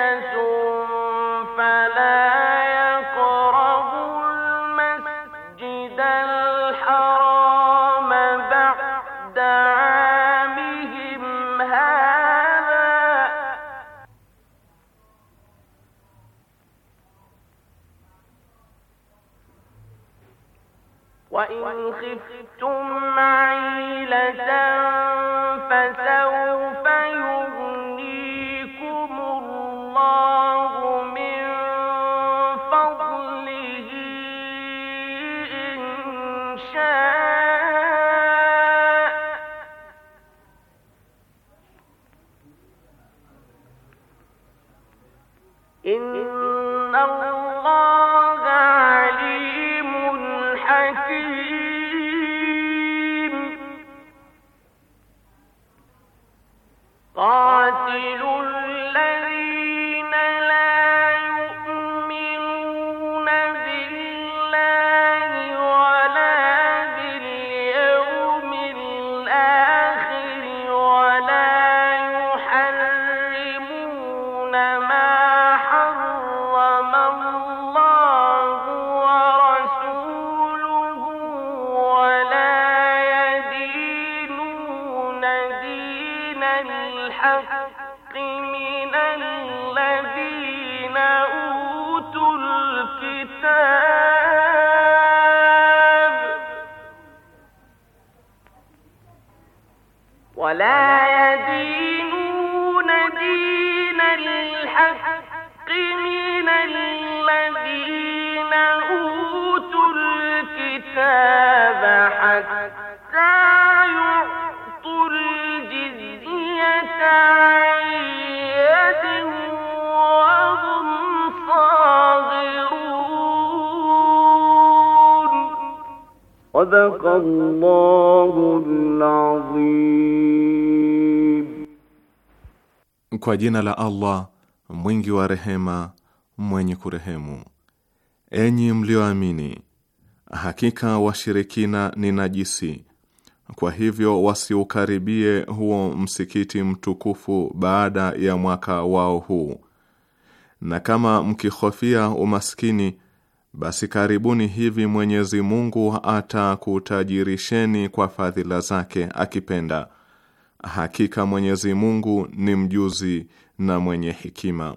يشاء Kwa jina la Allah mwingi wa rehema, mwenye kurehemu. Enyi mlioamini Hakika washirikina ni najisi, kwa hivyo wasiukaribie huo msikiti mtukufu baada ya mwaka wao huu. Na kama mkihofia umaskini, basi karibuni hivi Mwenyezi Mungu atakutajirisheni kwa fadhila zake akipenda. Hakika Mwenyezi Mungu ni mjuzi na mwenye hekima.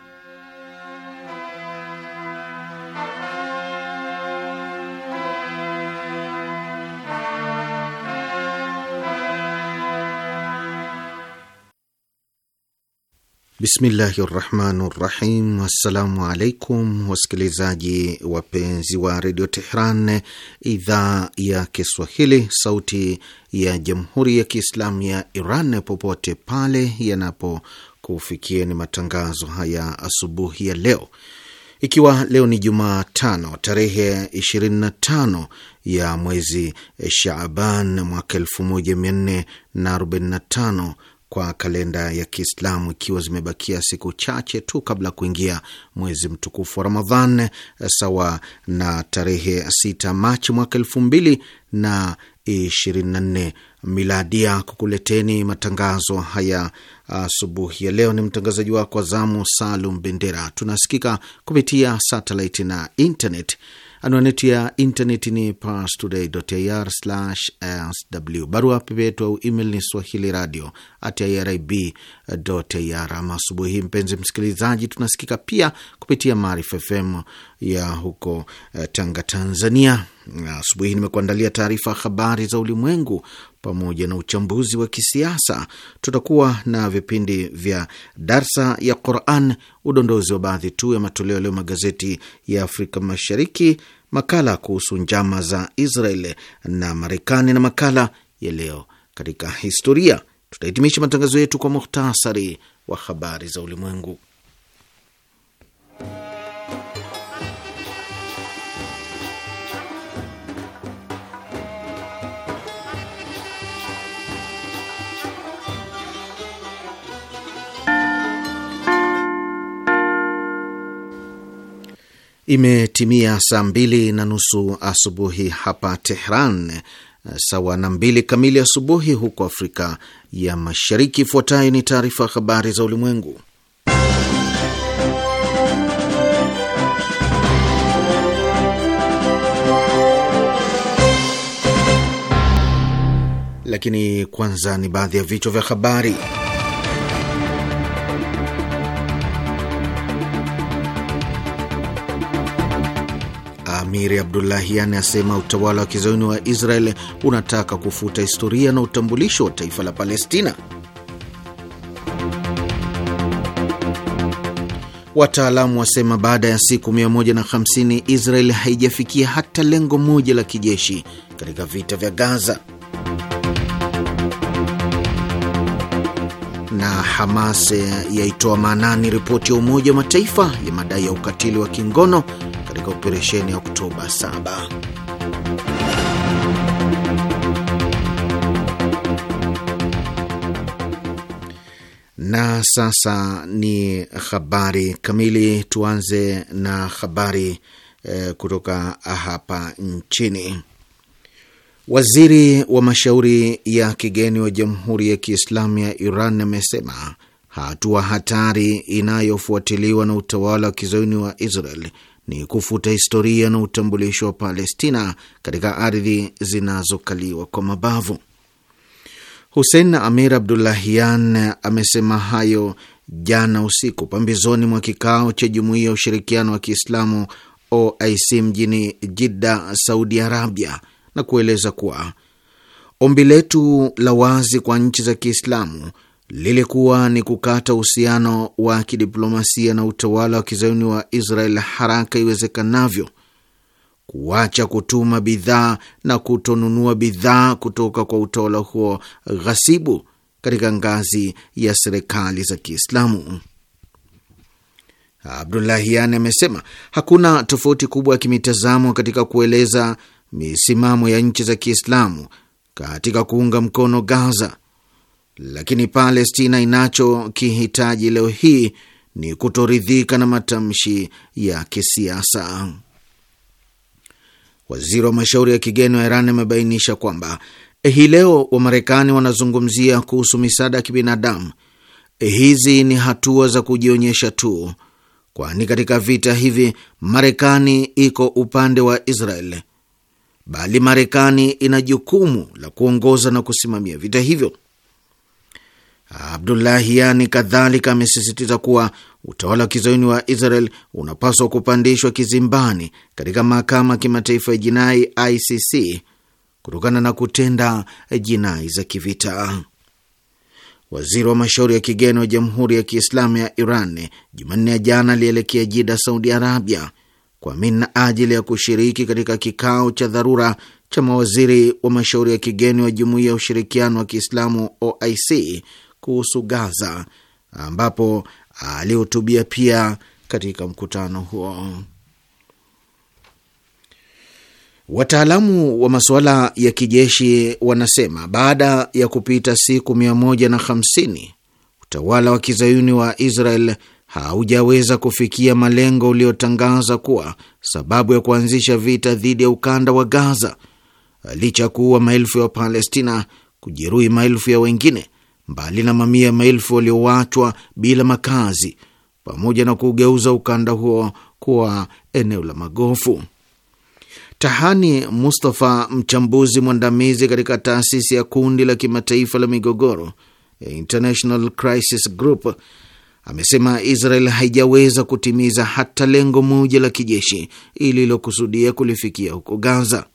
Bismillahi rahmani rahim. Assalamu alaikum wasikilizaji wapenzi wa redio Tehran, idhaa ya Kiswahili, sauti ya jamhuri ya Kiislamu ya Iran, popote pale Ni matangazo haya asubuhi ya leo, ikiwa leo ni Jumatano tarehe 25 ya mwezi Shaban mwaka 1445 kwa kalenda ya Kiislamu, ikiwa zimebakia siku chache tu kabla ya kuingia mwezi mtukufu wa Ramadhan, sawa na tarehe 6 Machi mwaka elfu mbili na 24 miladia. Kukuleteni matangazo haya asubuhi ya leo ni mtangazaji wako wa zamu Salum Bendera. Tunasikika kupitia satelit na internet. Anwani yetu ya intaneti ni parstoday.ir/sw. Barua pepe yetu au email ni swahili radio at irib.ir. Ama asubuhi hii, mpenzi msikilizaji, tunasikika pia kupitia Maarifa FM ya huko eh, Tanga, Tanzania. Asubuhi nimekuandalia taarifa habari za ulimwengu, pamoja na uchambuzi wa kisiasa. Tutakuwa na vipindi vya darsa ya Quran, udondozi wa baadhi tu ya matoleo leo magazeti ya Afrika Mashariki, makala kuhusu njama za Israel na Marekani na makala ya leo katika historia. Tutahitimisha matangazo yetu kwa muhtasari wa habari za ulimwengu. Imetimia saa mbili na nusu asubuhi hapa Tehran, sawa na mbili kamili asubuhi huko Afrika ya Mashariki. Ifuatayo ni taarifa habari za ulimwengu, lakini kwanza ni baadhi ya vichwa vya habari. Amiri Abdullahian asema utawala wa kizayuni wa Israel unataka kufuta historia na utambulisho wa taifa la Palestina. Wataalamu wasema baada ya siku 150 Israel haijafikia hata lengo moja la kijeshi katika vita vya Gaza. Na Hamas yaitoa maanani ripoti ya Umoja wa Mataifa ya madai ya ukatili wa kingono katika operesheni ya Oktoba 7. Na sasa ni habari kamili. Tuanze na habari eh, kutoka hapa nchini. Waziri wa mashauri ya kigeni wa Jamhuri ya Kiislamu ya Iran amesema hatua hatari inayofuatiliwa na utawala wa kizayuni wa Israel ni kufuta historia na utambulisho wa Palestina katika ardhi zinazokaliwa kwa mabavu. Hussein Amir Abdullahian amesema hayo jana usiku pambizoni mwa kikao cha Jumuiya ya Ushirikiano wa Kiislamu OIC mjini Jidda, Saudi Arabia, na kueleza kuwa ombi letu la wazi kwa nchi za Kiislamu lilikuwa ni kukata uhusiano wa kidiplomasia na utawala wa kizayuni wa Israel haraka iwezekanavyo, kuacha kutuma bidhaa na kutonunua bidhaa kutoka kwa utawala huo ghasibu katika ngazi ya serikali za Kiislamu. Abdulahian amesema hakuna tofauti kubwa ya kimitazamo katika kueleza misimamo ya nchi za Kiislamu katika kuunga mkono Gaza lakini Palestina inachokihitaji leo hii ni kutoridhika na matamshi ya kisiasa. Waziri wa mashauri ya kigeni wa Iran amebainisha kwamba eh, hii leo Wamarekani wanazungumzia kuhusu misaada ya kibinadamu. Eh, hizi ni hatua za kujionyesha tu, kwani katika vita hivi Marekani iko upande wa Israel, bali Marekani ina jukumu la kuongoza na kusimamia vita hivyo. Abdullahiani kadhalika amesisitiza kuwa utawala wa kizayuni wa Israel unapaswa kupandishwa kizimbani katika mahakama ya kimataifa ya jinai ICC kutokana na kutenda jinai za kivita. Waziri wa mashauri ya kigeni wa Jamhuri ya Kiislamu ya Iran Jumanne ya jana alielekea Jida, Saudi Arabia, kwa na ajili ya kushiriki katika kikao cha dharura cha mawaziri wa mashauri ya kigeni wa Jumuiya ya Ushirikiano wa Kiislamu OIC kuhusu Gaza, ambapo alihutubia pia katika mkutano huo. Wataalamu wa masuala ya kijeshi wanasema baada ya kupita siku 150 utawala wa kizayuni wa Israel haujaweza kufikia malengo uliotangaza kuwa sababu ya kuanzisha vita dhidi ya ukanda wa Gaza, licha kuwa maelfu ya Wapalestina, kujeruhi maelfu ya wengine mbali na mamia ya maelfu waliowachwa bila makazi, pamoja na kugeuza ukanda huo kuwa eneo la magofu. Tahani Mustafa, mchambuzi mwandamizi katika taasisi ya kundi la kimataifa la migogoro International Crisis Group, amesema Israel haijaweza kutimiza hata lengo moja la kijeshi ililokusudia kulifikia huko Gaza.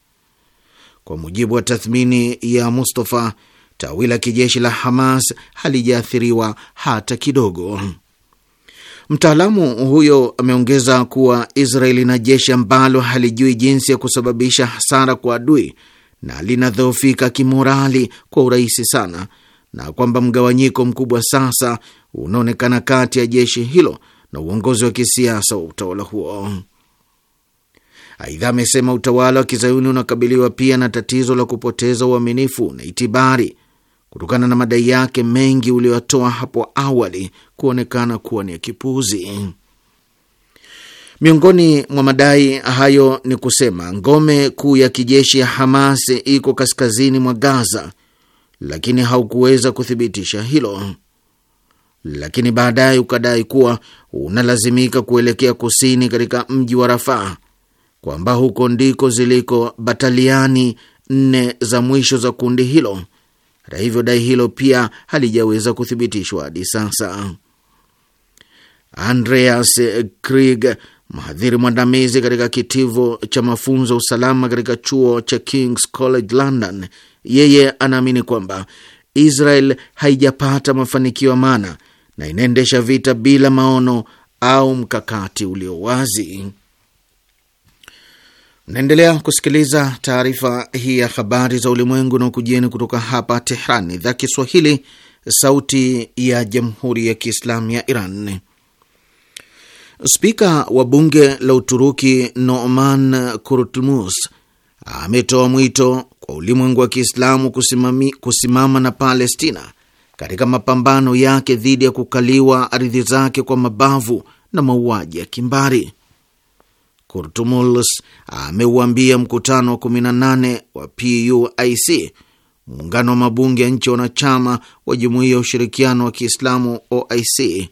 Kwa mujibu wa tathmini ya Mustafa, tawi la kijeshi la Hamas halijaathiriwa hata kidogo. Mtaalamu huyo ameongeza kuwa Israeli na jeshi ambalo halijui jinsi ya kusababisha hasara kwa adui na linadhoofika kimorali kwa urahisi sana, na kwamba mgawanyiko mkubwa sasa unaonekana kati ya jeshi hilo na uongozi wa kisiasa wa utawala huo. Aidha, amesema utawala wa kizayuni unakabiliwa pia na tatizo la kupoteza uaminifu na itibari kutokana na madai yake mengi uliyotoa hapo awali kuonekana kuwa ni kipuuzi. Miongoni mwa madai hayo ni kusema ngome kuu ya kijeshi ya Hamas iko kaskazini mwa Gaza, lakini haukuweza kuthibitisha hilo. Lakini baadaye ukadai kuwa unalazimika kuelekea kusini katika mji wa Rafaa, kwamba huko ndiko ziliko bataliani nne za mwisho za kundi hilo hata hivyo, dai hilo pia halijaweza kuthibitishwa hadi sasa. Andreas Krieg, mhadhiri mwandamizi katika kitivo cha mafunzo usalama katika chuo cha King's College London, yeye anaamini kwamba Israel haijapata mafanikio ya maana na inaendesha vita bila maono au mkakati ulio wazi. Naendelea kusikiliza taarifa hii ya habari za ulimwengu na ukujieni kutoka hapa Tehran, idhaa Kiswahili, sauti ya jamhuri ya kiislamu ya Iran. Spika wa bunge la Uturuki Noman Kurtulmus ametoa mwito kwa ulimwengu wa Kiislamu kusimama na Palestina katika mapambano yake dhidi ya kukaliwa ardhi zake kwa mabavu na mauaji ya kimbari. Kurtumulus ameuambia mkutano wa 18 wa PUIC, muungano wa mabunge ya nchi wanachama wa jumuiya ya ushirikiano wa Kiislamu OIC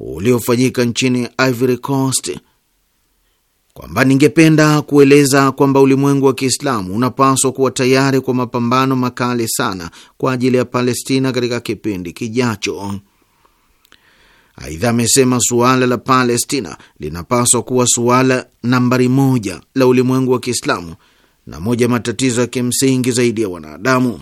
uliofanyika nchini Ivory Coast kwamba ningependa kueleza kwamba ulimwengu wa Kiislamu unapaswa kuwa tayari kwa mapambano makali sana kwa ajili ya Palestina katika kipindi kijacho. Aidha, amesema suala la Palestina linapaswa kuwa suala nambari moja la ulimwengu wa Kiislamu na moja ya matatizo ya kimsingi zaidi ya wanadamu.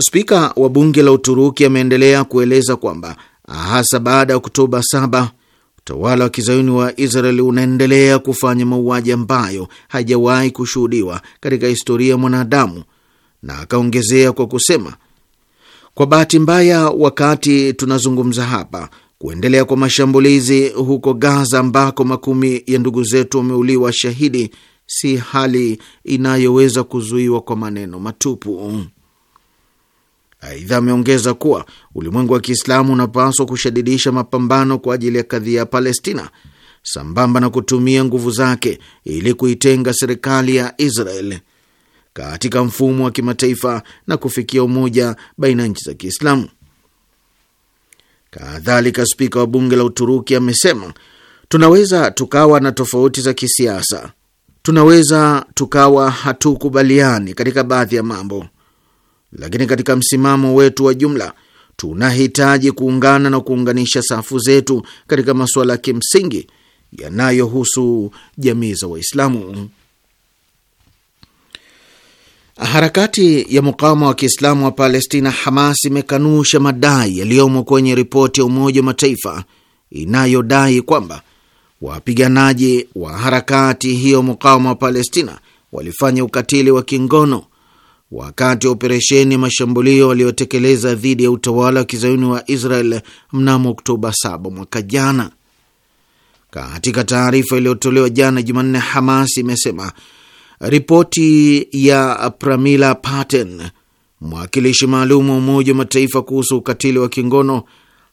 Spika wa bunge la Uturuki ameendelea kueleza kwamba hasa baada ya Oktoba saba utawala wa kizayuni wa Israeli unaendelea kufanya mauaji ambayo hajawahi kushuhudiwa katika historia ya mwanadamu, na akaongezea kwa kusema kwa bahati mbaya, wakati tunazungumza hapa, kuendelea kwa mashambulizi huko Gaza ambako makumi ya ndugu zetu wameuliwa shahidi si hali inayoweza kuzuiwa kwa maneno matupu. Aidha, ameongeza kuwa ulimwengu wa Kiislamu unapaswa kushadidisha mapambano kwa ajili ya kadhia ya Palestina sambamba na kutumia nguvu zake ili kuitenga serikali ya Israel katika mfumo wa kimataifa na kufikia umoja baina ya nchi za Kiislamu. Kadhalika, spika wa bunge la Uturuki amesema tunaweza tukawa na tofauti za kisiasa, tunaweza tukawa hatukubaliani katika baadhi ya mambo, lakini katika msimamo wetu wa jumla tunahitaji kuungana na kuunganisha safu zetu katika masuala ya kimsingi yanayohusu jamii za Waislamu. Harakati ya mukawama wa Kiislamu wa Palestina, Hamas, imekanusha madai yaliyomo kwenye ripoti ya Umoja wa Mataifa inayodai kwamba wapiganaji wa harakati hiyo mukawama wa Palestina walifanya ukatili wa kingono wakati wa operesheni ya mashambulio waliotekeleza dhidi ya utawala wa kizayuni wa Israel mnamo Oktoba 7 mwaka jana. Katika taarifa iliyotolewa jana Jumanne, Hamas imesema Ripoti ya Pramila Patten, mwakilishi maalum wa Umoja wa Mataifa kuhusu ukatili wa kingono,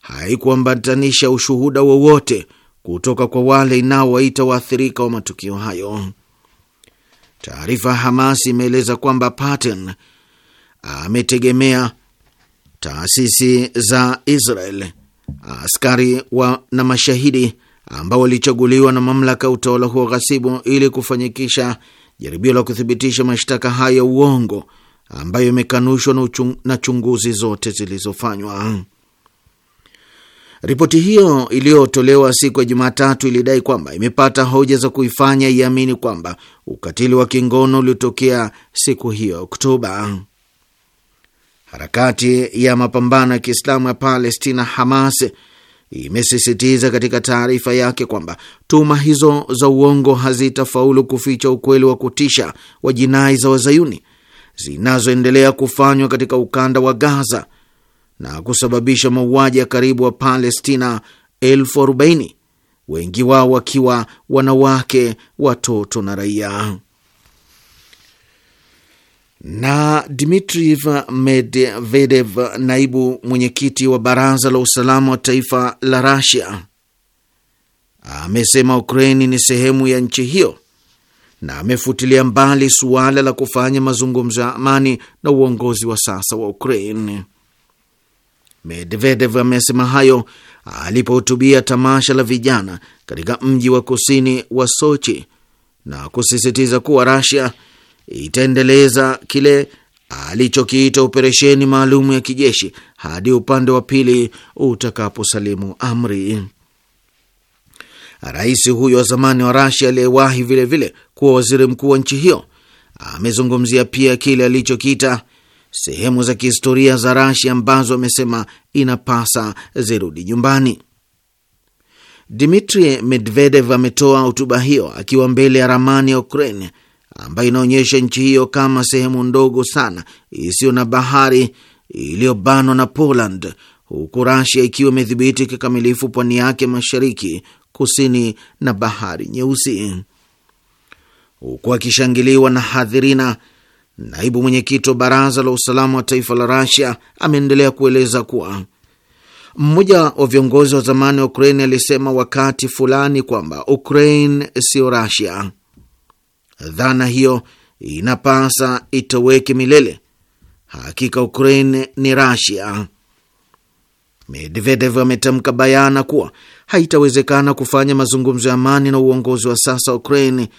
haikuambatanisha ushuhuda wowote kutoka kwa wale inaowaita waathirika wa matukio hayo. Taarifa ya Hamas imeeleza kwamba Patten ametegemea taasisi za Israel, askari wa na mashahidi ambao walichaguliwa na mamlaka ya utawala huo ghasibu ili kufanikisha jaribio la kuthibitisha mashtaka hayo ya uongo ambayo imekanushwa na, uchung, na chunguzi zote zilizofanywa. Ripoti hiyo iliyotolewa siku ya Jumatatu ilidai kwamba imepata hoja za kuifanya iamini kwamba ukatili wa kingono uliotokea siku hiyo Oktoba. Harakati ya mapambano ya Kiislamu ya Palestina, Hamas, imesisitiza katika taarifa yake kwamba tuma hizo za uongo hazitafaulu kuficha ukweli wa kutisha wa jinai za wazayuni zinazoendelea kufanywa katika ukanda wa Gaza na kusababisha mauaji ya karibu wa Palestina elfu arobaini wengi wao wakiwa wanawake, watoto na raia. Na Dmitriev Medvedev, naibu mwenyekiti wa baraza la usalama wa taifa la Rasia, amesema Ukraini ni sehemu ya nchi hiyo na amefutilia mbali suala la kufanya mazungumzo ya amani na uongozi wa sasa wa Ukraini. Medvedev amesema hayo alipohutubia tamasha la vijana katika mji wa kusini wa Sochi na kusisitiza kuwa Rasia itaendeleza kile alichokiita operesheni maalum ya kijeshi hadi upande wa pili utakaposalimu amri. Rais huyo wa zamani wa Rasia aliyewahi vilevile kuwa waziri mkuu wa nchi hiyo amezungumzia pia kile alichokiita sehemu za kihistoria za Rasia ambazo amesema inapasa zirudi nyumbani. Dmitri Medvedev ametoa hotuba hiyo akiwa mbele ya ramani ya Ukraine ambayo inaonyesha nchi hiyo kama sehemu ndogo sana isiyo na bahari iliyobanwa na Poland, huku Rasia ikiwa imedhibiti kikamilifu pwani yake mashariki, kusini na bahari Nyeusi. Huku akishangiliwa na hadhirina, naibu mwenyekiti wa baraza la usalama wa taifa la Rasia ameendelea kueleza kuwa mmoja wa viongozi wa zamani wa Ukraine alisema wakati fulani kwamba Ukraine siyo Rasia. Dhana hiyo inapasa itoweke milele. Hakika Ukraine ni Rasia. Medvedev ametamka bayana kuwa haitawezekana kufanya mazungumzo ya amani na uongozi wa sasa Ukraine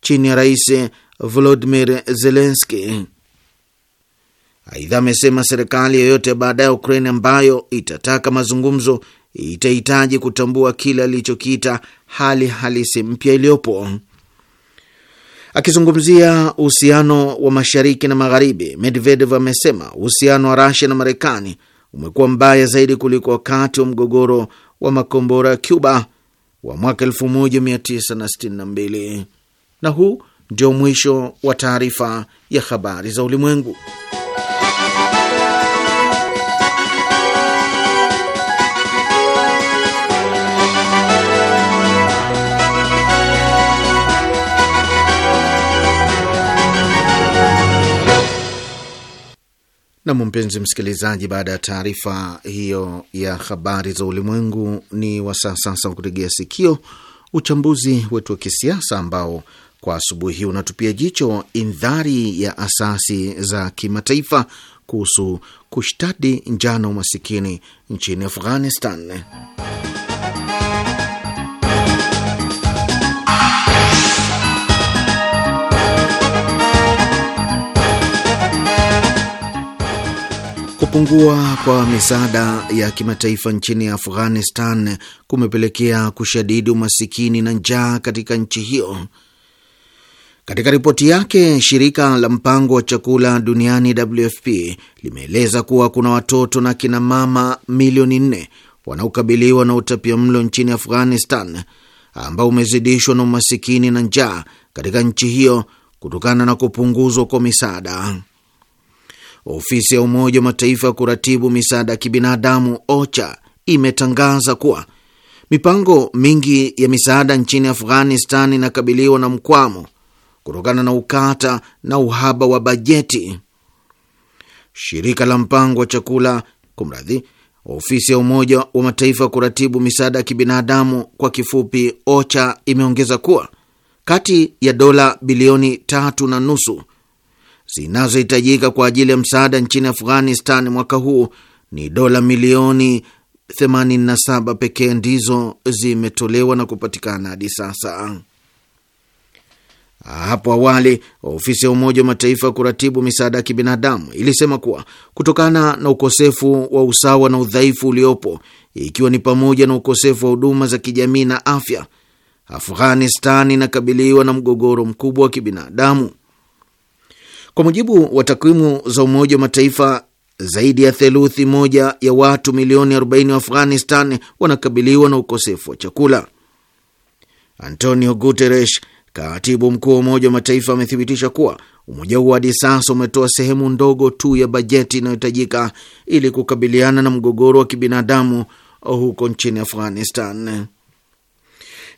chini ya rais Volodimir Zelenski. Aidha, amesema serikali yoyote baadaye ya Ukraine ambayo itataka mazungumzo itahitaji kutambua kile alichokiita hali halisi mpya iliyopo. Akizungumzia uhusiano wa mashariki na magharibi, Medvedev amesema uhusiano wa Rasia na Marekani umekuwa mbaya zaidi kuliko wakati wa mgogoro wa makombora ya Cuba wa mwaka 1962. Na huu ndio mwisho wa taarifa ya habari za ulimwengu. Nam, mpenzi msikilizaji, baada ya taarifa hiyo ya habari za ulimwengu, ni wasaa sasa wa kutegea sikio uchambuzi wetu wa kisiasa ambao kwa asubuhi hii unatupia jicho indhari ya asasi za kimataifa kuhusu kushtadi njano masikini nchini Afghanistan. Kupungua kwa misaada ya kimataifa nchini Afghanistan kumepelekea kushadidi umasikini na njaa katika nchi hiyo. Katika ripoti yake, shirika la mpango wa chakula duniani WFP limeeleza kuwa kuna watoto na kina mama milioni nne wanaokabiliwa na utapia mlo nchini Afghanistan ambao umezidishwa na umasikini na njaa katika nchi hiyo kutokana na kupunguzwa kwa misaada ofisi ya Umoja wa Mataifa ya kuratibu misaada ya kibinadamu OCHA imetangaza kuwa mipango mingi ya misaada nchini Afghanistan inakabiliwa na mkwamo kutokana na ukata na uhaba wa bajeti. Shirika la mpango wa chakula kumradhi, ofisi ya Umoja wa Mataifa kuratibu misaada ya kibinadamu kwa kifupi OCHA imeongeza kuwa kati ya dola bilioni tatu na nusu zinazohitajika kwa ajili ya msaada nchini Afghanistan mwaka huu ni dola milioni 87 pekee ndizo zimetolewa na kupatikana hadi sasa. Hapo awali ofisi ya Umoja wa Mataifa ya kuratibu misaada ya kibinadamu ilisema kuwa kutokana na ukosefu wa usawa na udhaifu uliopo, ikiwa ni pamoja na ukosefu wa huduma za kijamii na afya, Afghanistan inakabiliwa na mgogoro mkubwa wa kibinadamu kwa mujibu wa takwimu za Umoja wa Mataifa, zaidi ya theluthi moja ya watu milioni 40 wa Afghanistan wanakabiliwa na ukosefu wa chakula. Antonio Guterres, katibu mkuu wa Umoja wa Mataifa, amethibitisha kuwa umoja huo hadi sasa umetoa sehemu ndogo tu ya bajeti inayohitajika ili kukabiliana na mgogoro wa kibinadamu huko nchini Afghanistan.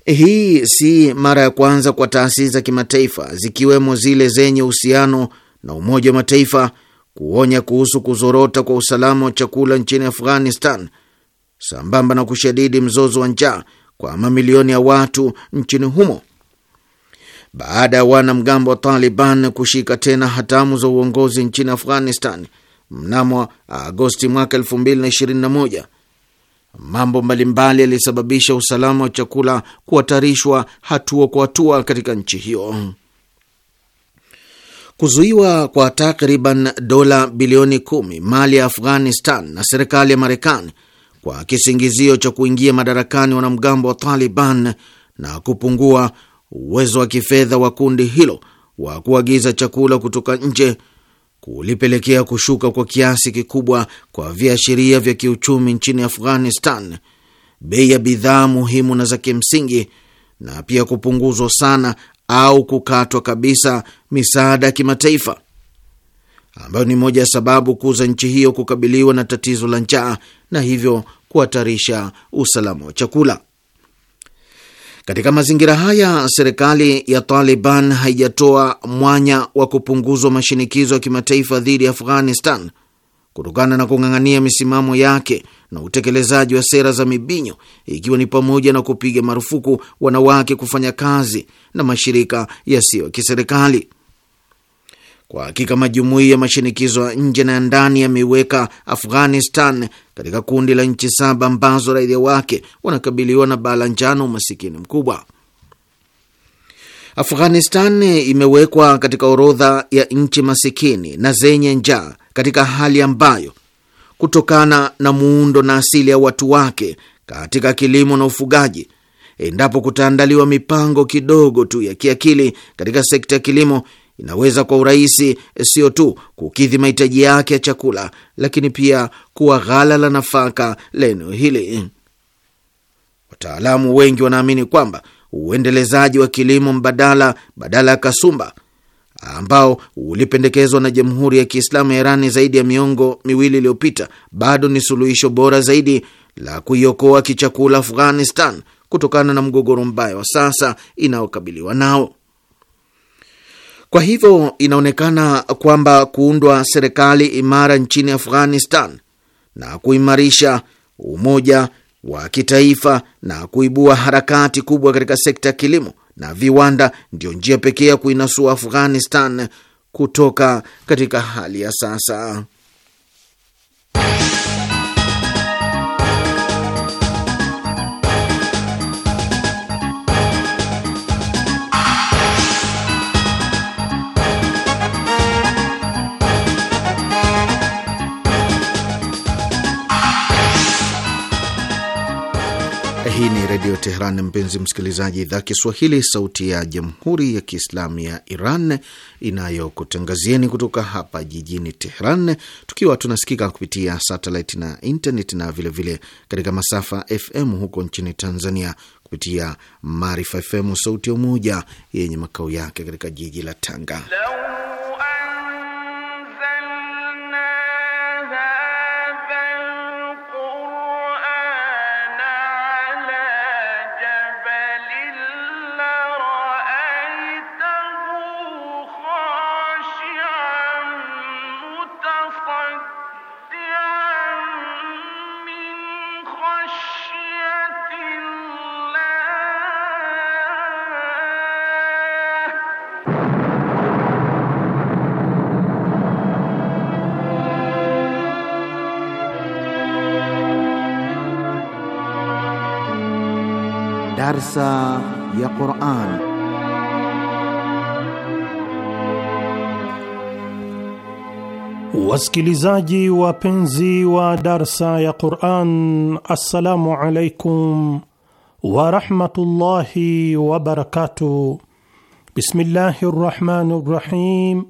Hii si mara ya kwanza kwa taasisi za kimataifa zikiwemo zile zenye uhusiano na Umoja wa Mataifa kuonya kuhusu kuzorota kwa usalama wa chakula nchini Afghanistan sambamba na kushadidi mzozo wa njaa kwa mamilioni ya watu nchini humo baada ya wanamgambo wa Taliban kushika tena hatamu za uongozi nchini Afghanistan mnamo Agosti mwaka 2021. Mambo mbalimbali yalisababisha usalama wa chakula kuhatarishwa hatua kwa hatua katika nchi hiyo. Kuzuiwa kwa takriban dola bilioni kumi mali ya Afghanistan na serikali ya Marekani kwa kisingizio cha kuingia madarakani wanamgambo wa Taliban na kupungua uwezo wa kifedha wa kundi hilo wa kuagiza chakula kutoka nje kulipelekea kushuka kwa kiasi kikubwa kwa viashiria vya kiuchumi nchini Afghanistan, bei ya bidhaa muhimu na za kimsingi, na pia kupunguzwa sana au kukatwa kabisa misaada ya kimataifa ambayo ni moja ya sababu kuu za nchi hiyo kukabiliwa na tatizo la njaa na hivyo kuhatarisha usalama wa chakula. Katika mazingira haya, serikali ya Taliban haijatoa mwanya wa kupunguzwa mashinikizo ya kimataifa dhidi ya Afghanistan kutokana na kung'ang'ania misimamo yake na utekelezaji wa sera za mibinyo, ikiwa ni pamoja na kupiga marufuku wanawake kufanya kazi na mashirika yasiyo ya kiserikali. Kwa hakika majumuiya ya mashinikizo ya nje na ya ndani yameiweka Afghanistan katika kundi la nchi saba ambazo raia wake wanakabiliwa na baa la njano, umasikini mkubwa. Afghanistan imewekwa katika orodha ya nchi masikini na zenye njaa katika hali ambayo kutokana na muundo na asili ya watu wake katika kilimo na ufugaji, endapo kutaandaliwa mipango kidogo tu ya kiakili katika sekta ya kilimo, inaweza kwa urahisi sio tu kukidhi mahitaji yake ya chakula, lakini pia kuwa ghala la nafaka la eneo hili. Wataalamu wengi wanaamini kwamba uendelezaji wa kilimo mbadala badala ya kasumba ambao ulipendekezwa na Jamhuri ya Kiislamu ya Irani zaidi ya miongo miwili iliyopita, bado ni suluhisho bora zaidi la kuiokoa kichakula Afghanistan kutokana na mgogoro mbaya wa sasa inayokabiliwa nao. Kwa hivyo inaonekana kwamba kuundwa serikali imara nchini Afghanistan na kuimarisha umoja wa kitaifa na kuibua harakati kubwa katika sekta ya kilimo na viwanda ndio njia pekee ya kuinasua Afghanistan kutoka katika hali ya sasa. Redio Teheran. Mpenzi msikilizaji, idhaa Kiswahili, sauti ya jamhuri ya kiislamu ya Iran inayokutangazieni kutoka hapa jijini Teheran, tukiwa tunasikika kupitia satelit na internet na vilevile katika masafa FM huko nchini Tanzania kupitia Maarifa FM, sauti ya Umoja, yenye makao yake katika jiji la Tanga. Hello. darsa ya Quran. Wasikilizaji wapenzi wa darsa ya Quran, assalamu alaikum warahmatullahi wabarakatuh. Bismillahi rrahmani rrahim.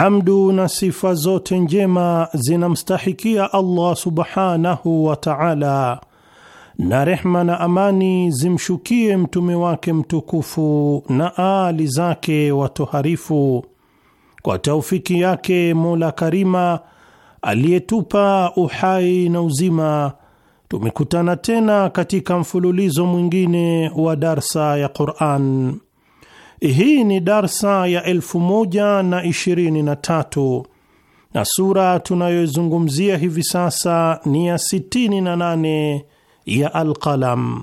Hamdu na sifa zote njema zinamstahikia Allah subhanahu wa taala na rehma na amani zimshukie mtume wake mtukufu na aali zake watoharifu. Kwa taufiki yake Mola Karima aliyetupa uhai na uzima, tumekutana tena katika mfululizo mwingine wa darsa ya Quran. Hii ni darsa ya elfu moja na ishirini na tatu na sura tunayoizungumzia hivi sasa ni ya sitini na nane ya Alqalam.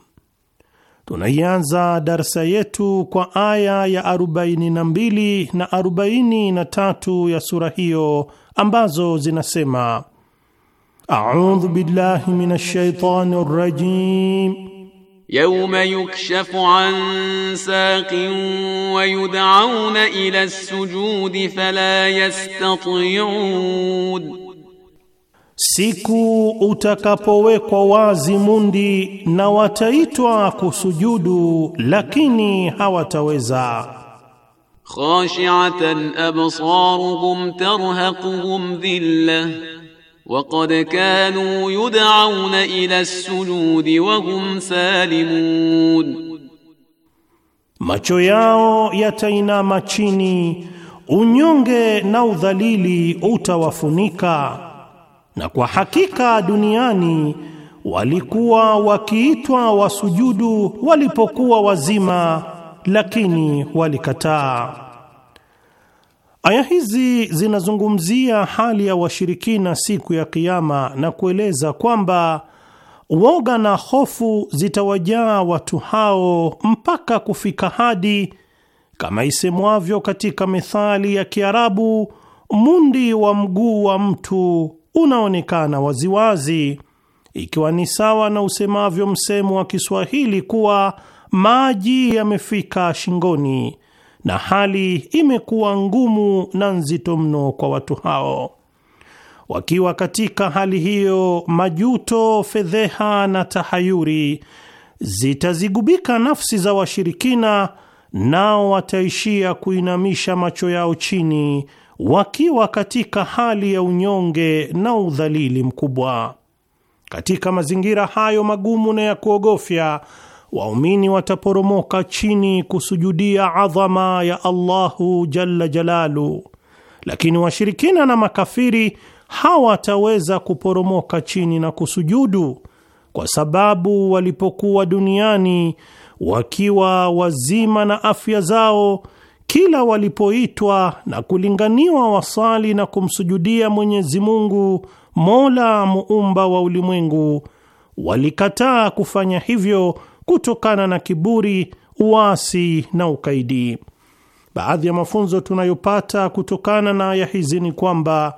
Tunaianza darsa yetu kwa aya ya 42 na 43 ya sura hiyo ambazo zinasema: audhu billahi minash shaitani rajim Yawma yukshafu an saqin wa yud'auna ila as-sujudi fala yastati'un Siku utakapowekwa wazi mundi na wataitwa kusujudu lakini hawataweza. khashi'atan absaruhum tarhaquhum dhilla wa qad kanu yud'auna ila as-sujudi wa hum salimun, macho yao yatainama chini, unyonge na udhalili utawafunika na kwa hakika duniani walikuwa wakiitwa wasujudu walipokuwa wazima, lakini walikataa. Aya hizi zinazungumzia hali ya washirikina siku ya Kiyama na kueleza kwamba woga na hofu zitawajaa watu hao mpaka kufika hadi kama isemwavyo katika methali ya Kiarabu, mundi wa mguu wa mtu unaonekana waziwazi, ikiwa ni sawa na usemavyo msemo wa Kiswahili kuwa maji yamefika shingoni, na hali imekuwa ngumu na nzito mno kwa watu hao. Wakiwa katika hali hiyo, majuto, fedheha na tahayuri zitazigubika nafsi za washirikina, nao wataishia kuinamisha macho yao chini wakiwa katika hali ya unyonge na udhalili mkubwa. Katika mazingira hayo magumu na ya kuogofya, waumini wataporomoka chini kusujudia adhama ya Allahu jalla jalalu, lakini washirikina na makafiri hawataweza kuporomoka chini na kusujudu kwa sababu walipokuwa duniani wakiwa wazima na afya zao kila walipoitwa na kulinganiwa wasali na kumsujudia Mwenyezi Mungu, Mola muumba wa ulimwengu, walikataa kufanya hivyo kutokana na kiburi, uasi na ukaidi. Baadhi ya mafunzo tunayopata kutokana na aya hizi ni kwamba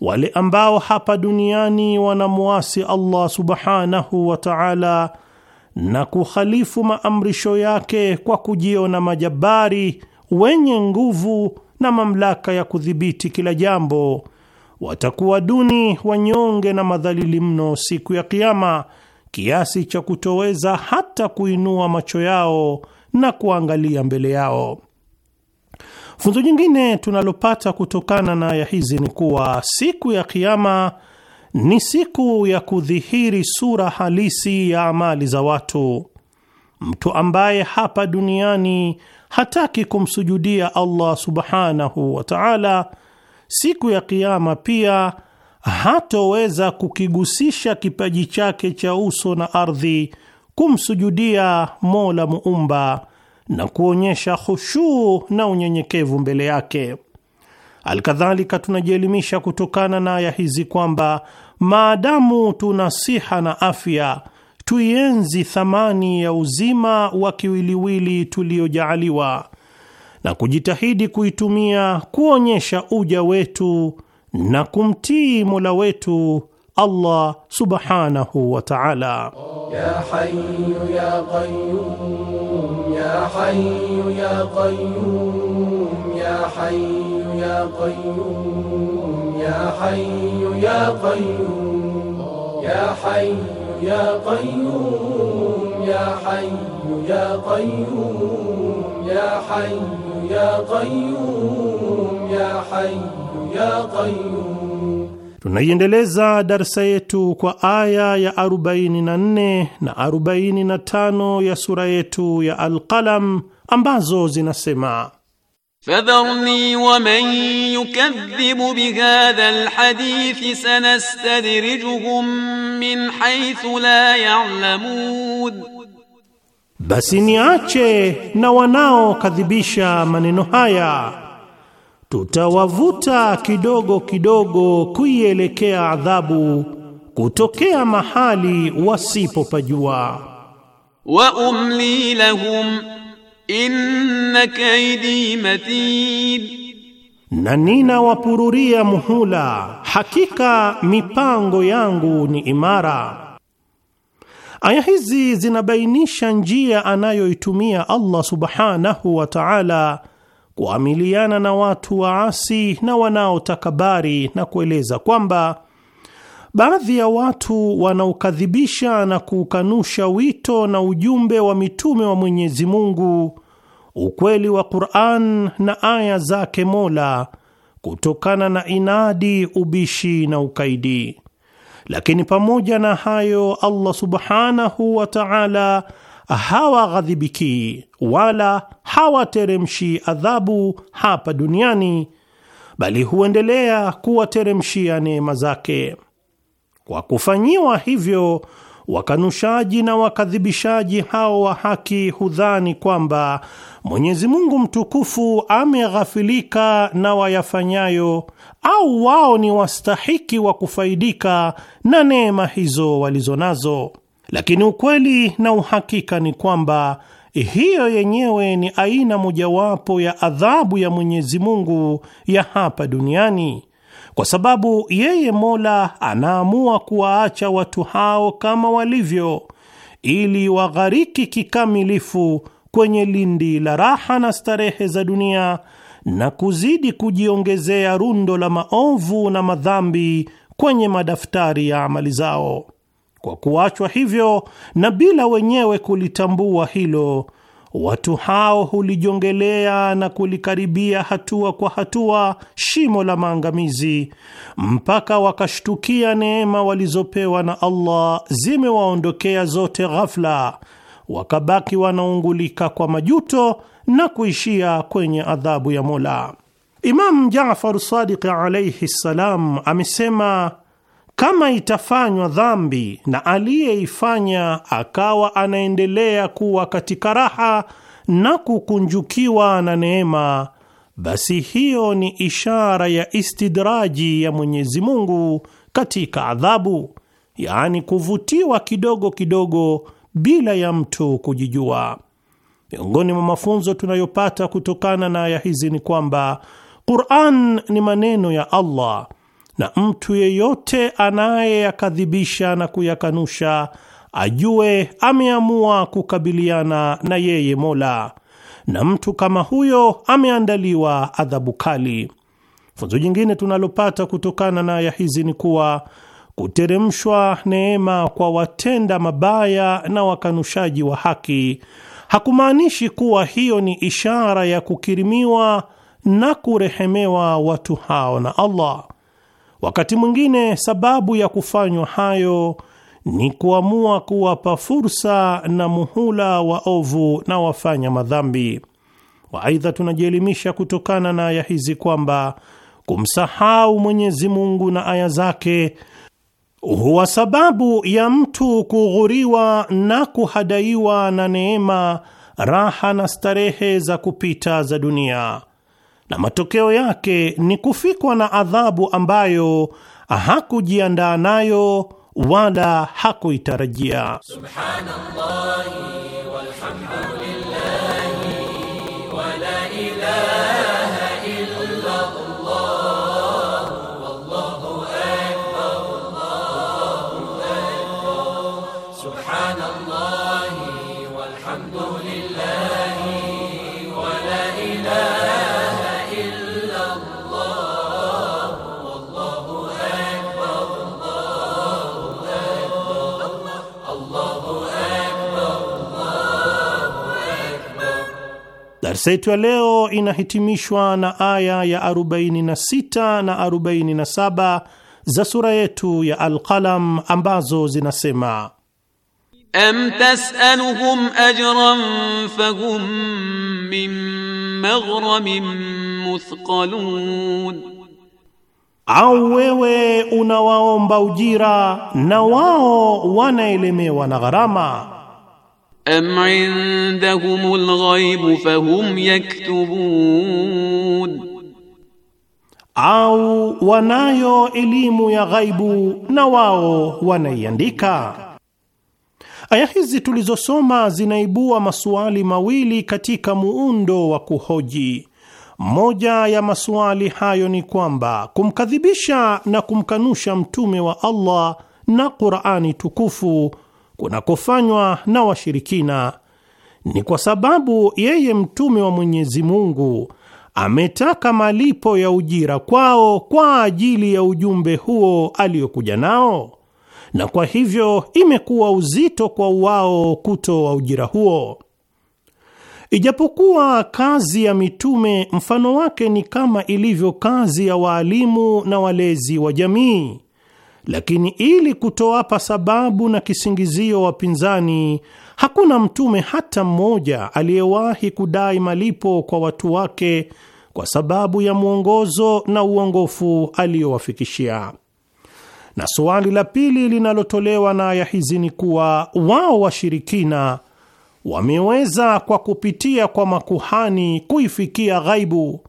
wale ambao hapa duniani wanamwasi Allah subhanahu wa ta'ala na kuhalifu maamrisho yake kwa kujiona majabari wenye nguvu na mamlaka ya kudhibiti kila jambo watakuwa duni, wanyonge na madhalili mno siku ya Kiama, kiasi cha kutoweza hata kuinua macho yao na kuangalia mbele yao. Funzo jingine tunalopata kutokana na aya hizi ni kuwa siku ya Kiama ni siku ya kudhihiri sura halisi ya amali za watu. Mtu ambaye hapa duniani hataki kumsujudia Allah subhanahu wa ta'ala, siku ya Kiyama pia hatoweza kukigusisha kipaji chake cha uso na ardhi kumsujudia Mola muumba na kuonyesha khushuu na unyenyekevu mbele yake. Alkadhalika, tunajielimisha kutokana na aya hizi kwamba maadamu tuna siha na afya tuienzi thamani ya uzima wa kiwiliwili tuliyojaaliwa na kujitahidi kuitumia kuonyesha uja wetu na kumtii Mola wetu Allah subhanahu wa ta'ala. Ya Tunaiendeleza darsa yetu kwa aya ya 44 na 45 ya sura yetu ya alqalam ambazo zinasema Fadharni wa man yukadhibu bihadha alhadithi sanastadrijuhum min haythu la ya'lamun, basi niache na wanaokadhibisha maneno haya, tutawavuta kidogo kidogo kuielekea adhabu kutokea mahali wasipopajua. wa umli lahum Inna kaidi matin, na ninawapururia muhula, hakika mipango yangu ni imara. Aya hizi zinabainisha njia anayoitumia Allah subhanahu wa ta'ala kuamiliana na watu waasi na wanaotakabari na kueleza kwamba Baadhi ya watu wanaokadhibisha na kuukanusha wito na ujumbe wa mitume wa Mwenyezi Mungu, ukweli wa Qur'an na aya zake Mola, kutokana na inadi, ubishi na ukaidi. Lakini pamoja na hayo, Allah Subhanahu wa Ta'ala hawaghadhibiki wala hawateremshi adhabu hapa duniani, bali huendelea kuwateremshia neema zake. Kwa kufanyiwa hivyo, wakanushaji na wakadhibishaji hao wa haki hudhani kwamba Mwenyezi Mungu mtukufu ameghafilika na wayafanyayo au wao ni wastahiki wa kufaidika na neema hizo walizo nazo, lakini ukweli na uhakika ni kwamba hiyo yenyewe ni aina mojawapo ya adhabu ya Mwenyezi Mungu ya hapa duniani kwa sababu yeye Mola anaamua kuwaacha watu hao kama walivyo, ili waghariki kikamilifu kwenye lindi la raha na starehe za dunia na kuzidi kujiongezea rundo la maovu na madhambi kwenye madaftari ya amali zao. Kwa kuachwa hivyo na bila wenyewe kulitambua hilo watu hao hulijongelea na kulikaribia hatua kwa hatua shimo la maangamizi mpaka wakashtukia neema walizopewa na Allah zimewaondokea zote ghafla, wakabaki wanaungulika kwa majuto na kuishia kwenye adhabu ya Mola. Imam Jaafar Sadiq alayhi ssalam amesema kama itafanywa dhambi na aliyeifanya akawa anaendelea kuwa katika raha na kukunjukiwa na neema, basi hiyo ni ishara ya istidraji ya Mwenyezi Mungu katika adhabu, yaani kuvutiwa kidogo kidogo bila ya mtu kujijua. Miongoni mwa mafunzo tunayopata kutokana na aya hizi ni kwamba Qur'an ni maneno ya Allah na mtu yeyote anayeyakadhibisha na kuyakanusha ajue ameamua kukabiliana na yeye Mola, na mtu kama huyo ameandaliwa adhabu kali. Funzo jingine tunalopata kutokana na aya hizi ni kuwa kuteremshwa neema kwa watenda mabaya na wakanushaji wa haki hakumaanishi kuwa hiyo ni ishara ya kukirimiwa na kurehemewa watu hao na Allah. Wakati mwingine sababu ya kufanywa hayo ni kuamua kuwapa fursa na muhula waovu na wafanya madhambi wa. Aidha, tunajielimisha kutokana na aya hizi kwamba kumsahau Mwenyezi Mungu na aya zake huwa sababu ya mtu kughuriwa na kuhadaiwa na neema, raha na starehe za kupita za dunia na matokeo yake ni kufikwa na adhabu ambayo hakujiandaa nayo wala hakuitarajia. Subhanallah. Darsa yetu ya leo inahitimishwa na aya ya 46 na 47 za sura yetu ya Alqalam ambazo zinasema: am tasaluhum ajran fahum min maghramin muthqalun, au wewe unawaomba ujira na wao wanaelemewa na gharama am indahumul ghaib fahum yaktubun, au wanayo elimu ya ghaibu na wao wanaiandika. Aya hizi tulizosoma zinaibua masuali mawili katika muundo wa kuhoji. Moja ya masuali hayo ni kwamba kumkadhibisha na kumkanusha mtume wa Allah na Qur'ani tukufu kunakofanywa na washirikina ni kwa sababu yeye mtume wa Mwenyezi Mungu ametaka malipo ya ujira kwao kwa ajili ya ujumbe huo aliyokuja nao, na kwa hivyo imekuwa uzito kwa wao kutoa ujira huo. Ijapokuwa kazi ya mitume mfano wake ni kama ilivyo kazi ya waalimu na walezi wa jamii lakini ili kutoapa sababu na kisingizio wapinzani, hakuna mtume hata mmoja aliyewahi kudai malipo kwa watu wake kwa sababu ya mwongozo na uongofu aliyowafikishia. Na suali la pili linalotolewa na aya hizi ni kuwa wao washirikina wameweza kwa kupitia kwa makuhani kuifikia ghaibu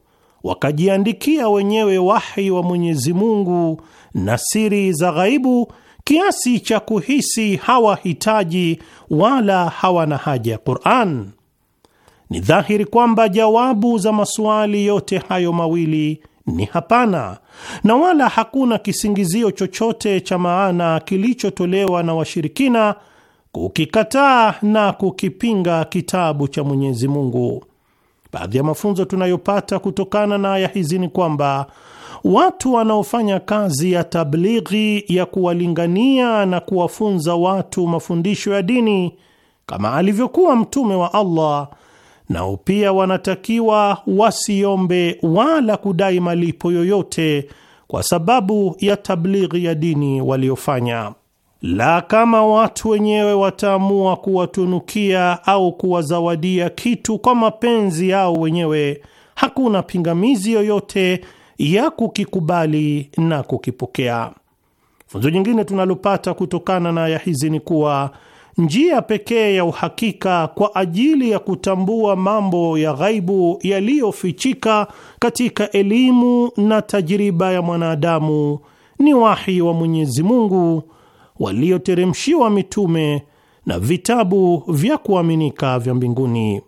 wakajiandikia wenyewe wahi wa Mwenyezi Mungu na siri za ghaibu kiasi cha kuhisi hawahitaji wala hawana haja ya Qur'an. Ni dhahiri kwamba jawabu za masuali yote hayo mawili ni hapana, na wala hakuna kisingizio chochote cha maana kilichotolewa na washirikina kukikataa na kukipinga kitabu cha Mwenyezi Mungu. Baadhi ya mafunzo tunayopata kutokana na aya hizi ni kwamba watu wanaofanya kazi ya tablighi ya kuwalingania na kuwafunza watu mafundisho ya dini kama alivyokuwa Mtume wa Allah, nao pia wanatakiwa wasiombe wala kudai malipo yoyote kwa sababu ya tablighi ya dini waliofanya. La kama watu wenyewe wataamua kuwatunukia au kuwazawadia kitu kwa mapenzi yao wenyewe, hakuna pingamizi yoyote ya kukikubali na kukipokea. Funzo jingine tunalopata kutokana na aya hizi ni kuwa njia pekee ya uhakika kwa ajili ya kutambua mambo ya ghaibu yaliyofichika katika elimu na tajiriba ya mwanadamu ni wahi wa Mwenyezi Mungu walioteremshiwa mitume na vitabu vya kuaminika vya mbinguni,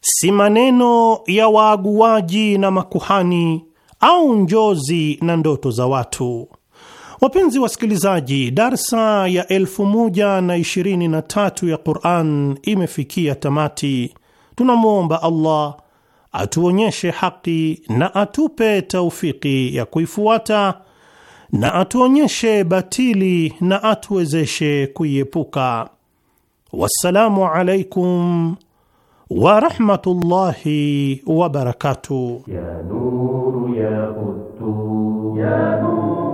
si maneno ya waaguaji na makuhani au njozi na ndoto za watu. Wapenzi wasikilizaji, darsa ya elfu moja na ishirini na tatu ya Quran imefikia tamati. Tunamwomba Allah atuonyeshe haki na atupe taufiki ya kuifuata na atuonyeshe batili na atuwezeshe kuiepuka. Wassalamu alaikum wa rahmatullahi wa barakatuh. Ya nuru ya qutu ya nuru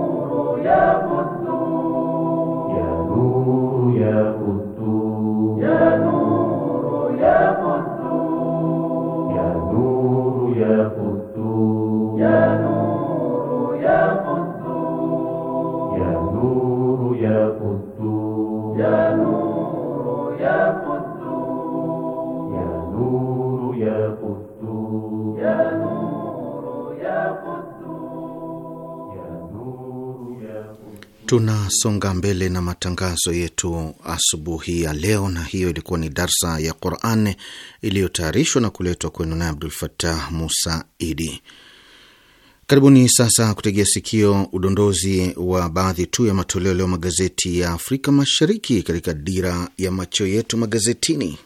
Tunasonga mbele na matangazo yetu asubuhi ya leo, na hiyo ilikuwa ni darsa ya Qur'an iliyotayarishwa na kuletwa kwenu na Abdul Fattah Musa Idi. Karibuni sasa kutegea sikio udondozi wa baadhi tu ya matoleo leo magazeti ya Afrika Mashariki katika dira ya macho yetu magazetini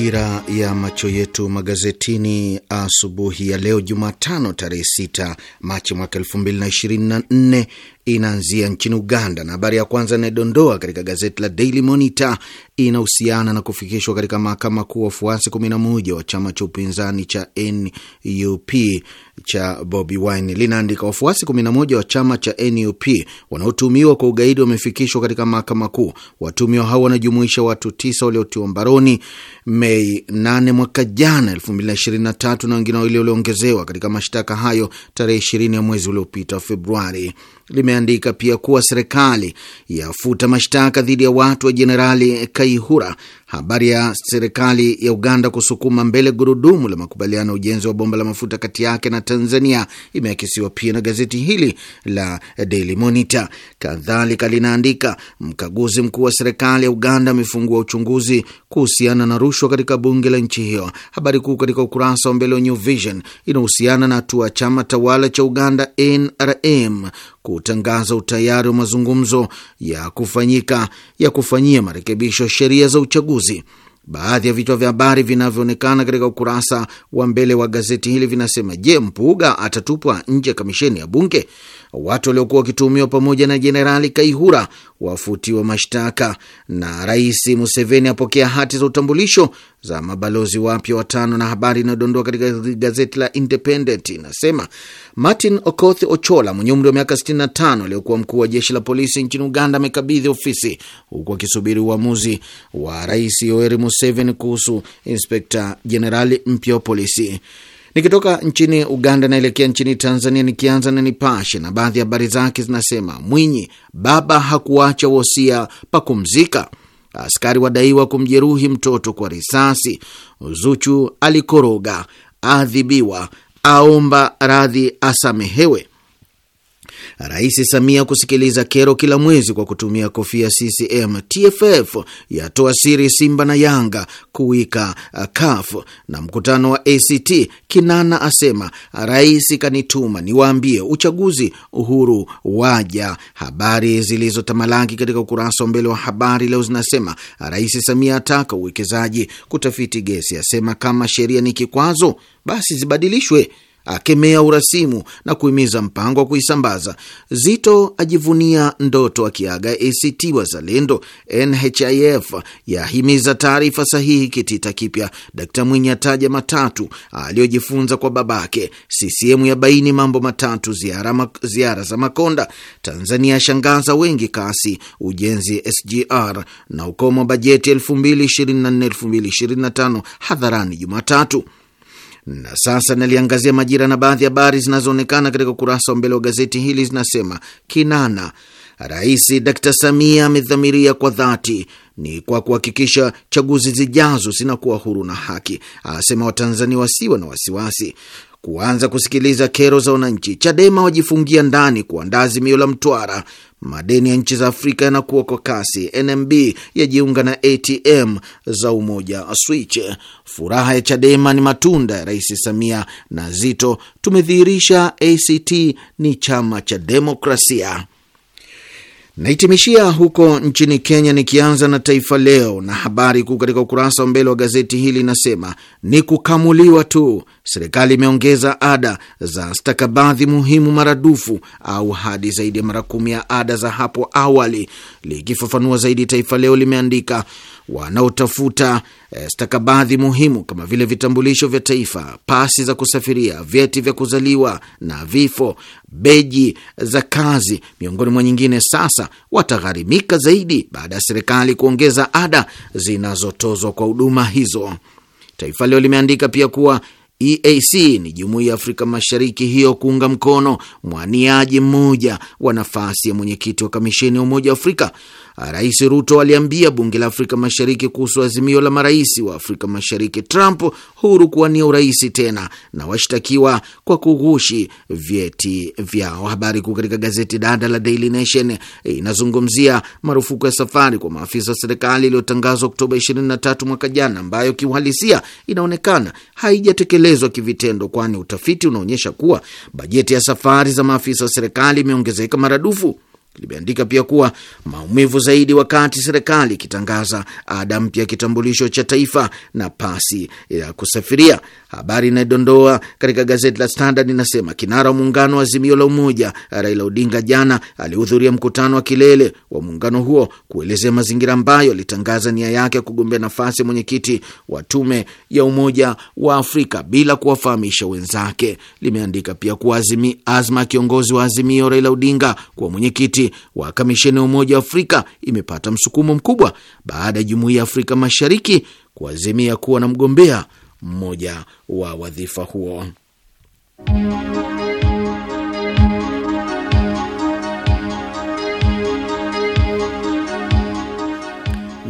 dira ya macho yetu magazetini asubuhi ya leo Jumatano tarehe 6 Machi mwaka 2024 inaanzia nchini Uganda, na habari ya kwanza inayodondoa katika gazeti la Daily Monitor inahusiana na kufikishwa katika mahakama kuu wafuasi 11 wa chama cha upinzani cha NUP cha Bobi Wine. Linaandika wafuasi 11 wa chama cha NUP wanaotumiwa kwa ugaidi wamefikishwa katika mahakama kuu. Watumiwa hao wanajumuisha watu tisa waliotiwa mbaroni Mei 8 mwaka jana 2023 na wengine wawili walioongezewa katika mashtaka hayo tarehe 20 ya mwezi uliopita Februari limeandika pia kuwa serikali yafuta mashtaka dhidi ya watu wa Jenerali Kaihura Habari ya serikali ya Uganda kusukuma mbele gurudumu la makubaliano ya ujenzi wa bomba la mafuta kati yake na Tanzania imeakisiwa pia na gazeti hili la Daily Monitor. Kadhalika linaandika mkaguzi mkuu wa serikali ya Uganda amefungua uchunguzi kuhusiana na rushwa katika bunge la nchi hiyo. Habari kuu katika ukurasa wa mbele wa New Vision inahusiana na hatua ya chama tawala cha Uganda NRM kutangaza utayari wa mazungumzo ya kufanyika ya kufanyia marekebisho sheria za uchaguzi uchaguzi. Baadhi ya vichwa vya habari vinavyoonekana katika ukurasa wa mbele wa gazeti hili vinasema: Je, Mpuuga atatupwa nje ya kamisheni ya Bunge? watu waliokuwa wakitumiwa pamoja na Jenerali Kaihura wafutiwa mashtaka na Rais Museveni apokea hati za utambulisho za mabalozi wapya watano. Na habari inayodondoa katika gazeti la Independent inasema Martin Okoth Ochola mwenye umri wa miaka 65 aliyekuwa mkuu wa jeshi la polisi nchini Uganda amekabidhi ofisi huku akisubiri uamuzi wa Rais Yoweri Museveni kuhusu inspekta jenerali mpya wa polisi. Nikitoka nchini Uganda naelekea nchini Tanzania, nikianza na Nipashe na baadhi ya habari zake zinasema: Mwinyi baba hakuacha wosia pa kumzika, askari wadaiwa kumjeruhi mtoto kwa risasi, Zuchu alikoroga, aadhibiwa, aomba radhi, asamehewe. Rais Samia kusikiliza kero kila mwezi kwa kutumia kofia CCM. TFF yatoa siri Simba na Yanga kuwika kaf uh, na mkutano wa ACT. Kinana asema rais kanituma niwaambie uchaguzi uhuru waja. Habari zilizotamalaki katika ukurasa wa mbele wa habari leo zinasema Rais Samia ataka uwekezaji kutafiti gesi, asema kama sheria ni kikwazo basi zibadilishwe akemea urasimu na kuhimiza mpango wa kuisambaza. Zito ajivunia ndoto, akiaga ACT Wazalendo. NHIF yahimiza taarifa sahihi kitita kipya. Dkt Mwinyi ataja matatu aliyojifunza kwa babake. CCM ya baini mambo matatu, ziara, ma, ziara za Makonda. Tanzania yashangaza wengi, kasi ujenzi SGR na ukomo bajeti 2024 2025 hadharani Jumatatu. Na sasa naliangazia Majira na baadhi ya habari zinazoonekana katika ukurasa wa mbele wa gazeti hili zinasema: Kinana, Rais d Samia amedhamiria kwa dhati ni kwa kuhakikisha chaguzi zijazo zinakuwa huru na haki, asema Watanzania wasiwe na wasiwasi kuanza kusikiliza kero za wananchi. Chadema wajifungia ndani kuandaa azimio la Mtwara. Madeni ya nchi za Afrika yanakuwa kwa kasi. NMB yajiunga na ATM za Umoja Switch. Furaha ya Chadema ni matunda ya Rais Samia na Zito. Tumedhihirisha ACT ni chama cha demokrasia naitimishia huko nchini Kenya, nikianza na Taifa Leo na habari kuu katika ukurasa wa mbele wa gazeti hili inasema ni kukamuliwa tu, serikali imeongeza ada za stakabadhi muhimu maradufu au hadi zaidi ya mara kumi ya ada za hapo awali. Likifafanua zaidi, Taifa Leo limeandika wanaotafuta e, stakabadhi muhimu kama vile vitambulisho vya taifa, pasi za kusafiria, vyeti vya kuzaliwa na vifo, beji za kazi, miongoni mwa nyingine, sasa watagharimika zaidi baada ya serikali kuongeza ada zinazotozwa kwa huduma hizo. Taifa Leo limeandika pia kuwa EAC ni jumuiya ya Afrika Mashariki hiyo kuunga mkono mwaniaji mmoja wa nafasi ya mwenyekiti wa kamisheni ya Umoja wa Afrika. Ah, Rais Ruto aliambia bunge la Afrika Mashariki kuhusu azimio la marais wa Afrika Mashariki Trump huru kuwania urais tena na washtakiwa kwa kughushi vyeti vyao. Habari kuu katika gazeti dada la Daily Nation eh, inazungumzia marufuku ya safari kwa maafisa wa serikali iliyotangazwa Oktoba 23 mwaka jana, ambayo kiuhalisia inaonekana haijatekelezwa kivitendo, kwani utafiti unaonyesha kuwa bajeti ya safari za maafisa wa serikali imeongezeka maradufu limeandika pia kuwa maumivu zaidi wakati serikali ikitangaza ada mpya ya kitambulisho cha taifa na pasi ya kusafiria. Habari inayodondoa katika gazeti la Standard inasema kinara wa muungano wa Azimio la Umoja Raila Odinga jana alihudhuria mkutano wa kilele wa muungano huo kuelezea mazingira ambayo alitangaza nia yake ya kugombea nafasi ya mwenyekiti wa tume ya Umoja wa Afrika bila kuwafahamisha wenzake. Limeandika pia kuwa azma ya kiongozi wa Azimio Raila Odinga kuwa mwenyekiti ripoti wa kamisheni ya Umoja wa Afrika imepata msukumo mkubwa baada ya Jumuiya ya Afrika Mashariki kuazimia kuwa na mgombea mmoja wa wadhifa huo.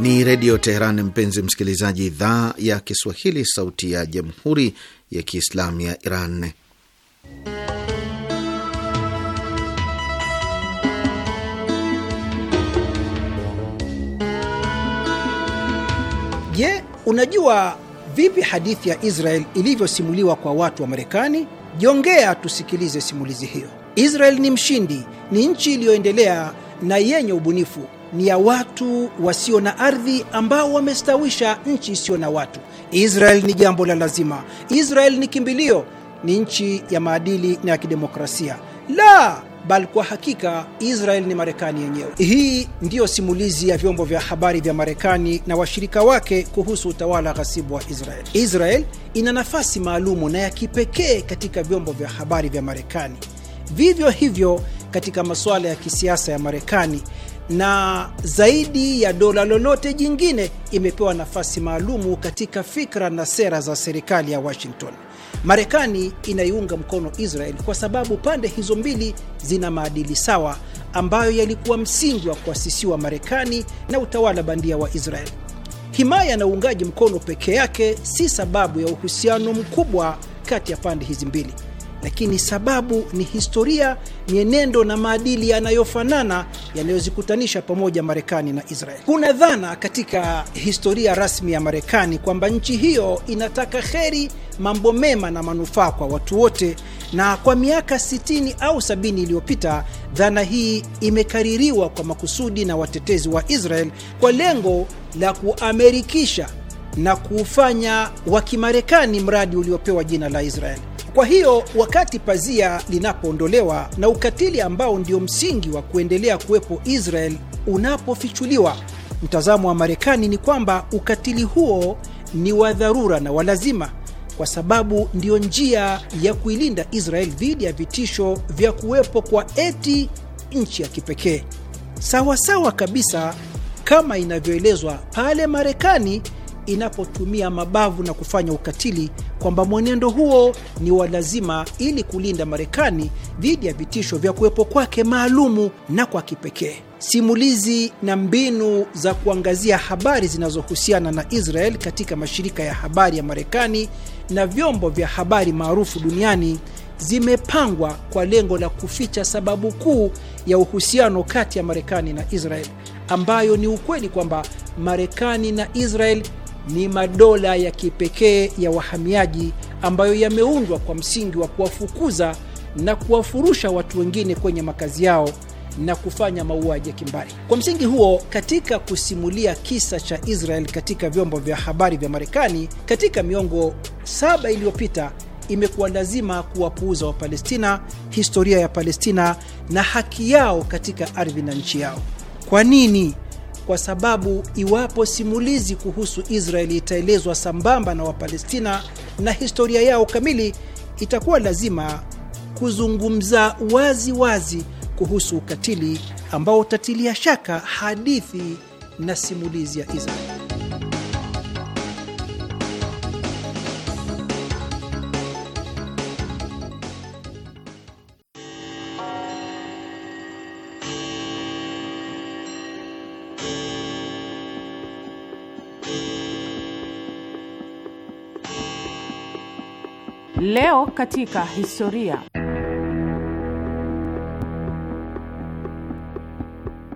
Ni Redio Teheran, mpenzi msikilizaji, idhaa ya Kiswahili, sauti ya Jamhuri ya Kiislamu ya Iran. Unajua vipi hadithi ya Israel ilivyosimuliwa kwa watu wa Marekani? Jongea tusikilize simulizi hiyo. Israel ni mshindi, ni nchi iliyoendelea na yenye ubunifu, ni ya watu wasio na ardhi ambao wamestawisha nchi isiyo na watu. Israel ni jambo la lazima. Israel ni kimbilio, ni nchi ya maadili na ya kidemokrasia. La, bali kwa hakika Israel ni Marekani yenyewe. Hii ndiyo simulizi ya vyombo vya habari vya Marekani na washirika wake kuhusu utawala ghasibu wa Israel. Israel ina nafasi maalumu na ya kipekee katika vyombo vya habari vya Marekani, vivyo hivyo katika masuala ya kisiasa ya Marekani na zaidi ya dola lolote jingine imepewa nafasi maalumu katika fikra na sera za serikali ya Washington. Marekani inaiunga mkono Israel kwa sababu pande hizo mbili zina maadili sawa ambayo yalikuwa msingi wa kuasisiwa Marekani na utawala bandia wa Israel. Himaya na uungaji mkono peke yake si sababu ya uhusiano mkubwa kati ya pande hizi mbili lakini sababu ni historia, mienendo na maadili yanayofanana yanayozikutanisha pamoja Marekani na Israeli. Kuna dhana katika historia rasmi ya Marekani kwamba nchi hiyo inataka kheri, mambo mema na manufaa kwa watu wote, na kwa miaka 60 au 70 iliyopita dhana hii imekaririwa kwa makusudi na watetezi wa Israel kwa lengo la kuamerikisha na kuufanya wa Kimarekani mradi uliopewa jina la Israeli. Kwa hiyo wakati pazia linapoondolewa na ukatili ambao ndio msingi wa kuendelea kuwepo Israel unapofichuliwa, mtazamo wa Marekani ni kwamba ukatili huo ni wa dharura na wa lazima, kwa sababu ndiyo njia ya kuilinda Israel dhidi ya vitisho vya kuwepo kwa eti nchi ya kipekee, sawasawa kabisa kama inavyoelezwa pale Marekani inapotumia mabavu na kufanya ukatili, kwamba mwenendo huo ni wa lazima ili kulinda Marekani dhidi ya vitisho vya kuwepo kwake maalumu na kwa kipekee. Simulizi na mbinu za kuangazia habari zinazohusiana na Israel katika mashirika ya habari ya Marekani na vyombo vya habari maarufu duniani zimepangwa kwa lengo la kuficha sababu kuu ya uhusiano kati ya Marekani na Israel ambayo ni ukweli kwamba Marekani na Israel ni madola ya kipekee ya wahamiaji ambayo yameundwa kwa msingi wa kuwafukuza na kuwafurusha watu wengine kwenye makazi yao na kufanya mauaji ya kimbari. Kwa msingi huo, katika kusimulia kisa cha Israel katika vyombo vya habari vya Marekani katika miongo saba iliyopita, imekuwa lazima kuwapuuza Wapalestina, historia ya Palestina na haki yao katika ardhi na nchi yao. Kwa nini? kwa sababu iwapo simulizi kuhusu Israeli itaelezwa sambamba na Wapalestina na historia yao kamili, itakuwa lazima kuzungumza wazi wazi kuhusu ukatili ambao utatilia shaka hadithi na simulizi ya Israeli. Leo katika historia.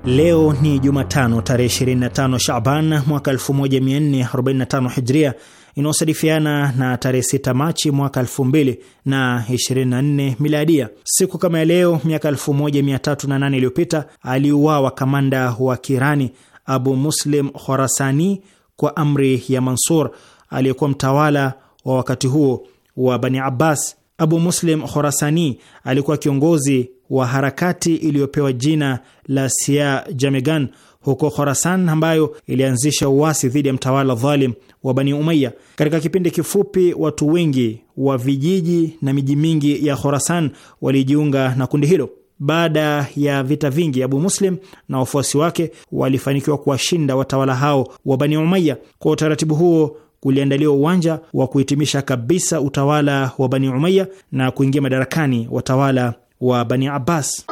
Leo ni Jumatano tarehe 25 Shaban mwaka 1445 Hijria, inayosadifiana na tarehe 6 Machi mwaka 2024 Miladia. Siku kama ya leo miaka 1308 iliyopita aliuawa kamanda wa Kirani Abu Muslim Khorasani kwa amri ya Mansur aliyekuwa mtawala wa wakati huo wa Bani Abbas. Abu Muslim Khorasani alikuwa kiongozi wa harakati iliyopewa jina la Sia Jamegan huko Khorasan ambayo ilianzisha uasi dhidi ya mtawala dhalim wa Bani umaya Katika kipindi kifupi, watu wengi wa vijiji na miji mingi ya Khorasan walijiunga na kundi hilo. Baada ya vita vingi, Abu Muslim na wafuasi wake walifanikiwa kuwashinda watawala hao wa Bani umaya Kwa utaratibu huo uliandaliwa uwanja wa kuhitimisha kabisa utawala wa Bani Umaya na kuingia madarakani watawala wa Bani Abbas.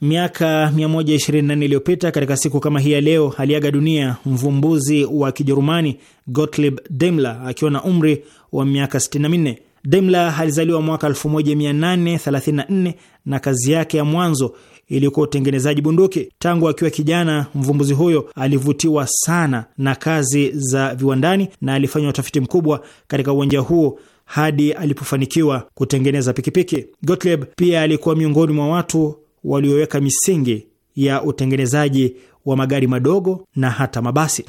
Miaka 124 iliyopita katika siku kama hii ya leo aliaga dunia mvumbuzi wa Kijerumani Gottlieb Daimler akiwa na umri wa miaka 64. Daimler alizaliwa mwaka 1834 na kazi yake ya mwanzo ilikuwa utengenezaji bunduki. Tangu akiwa kijana, mvumbuzi huyo alivutiwa sana na kazi za viwandani na alifanya utafiti mkubwa katika uwanja huo hadi alipofanikiwa kutengeneza pikipiki. Gottlieb pia alikuwa miongoni mwa watu walioweka misingi ya utengenezaji wa magari madogo na hata mabasi.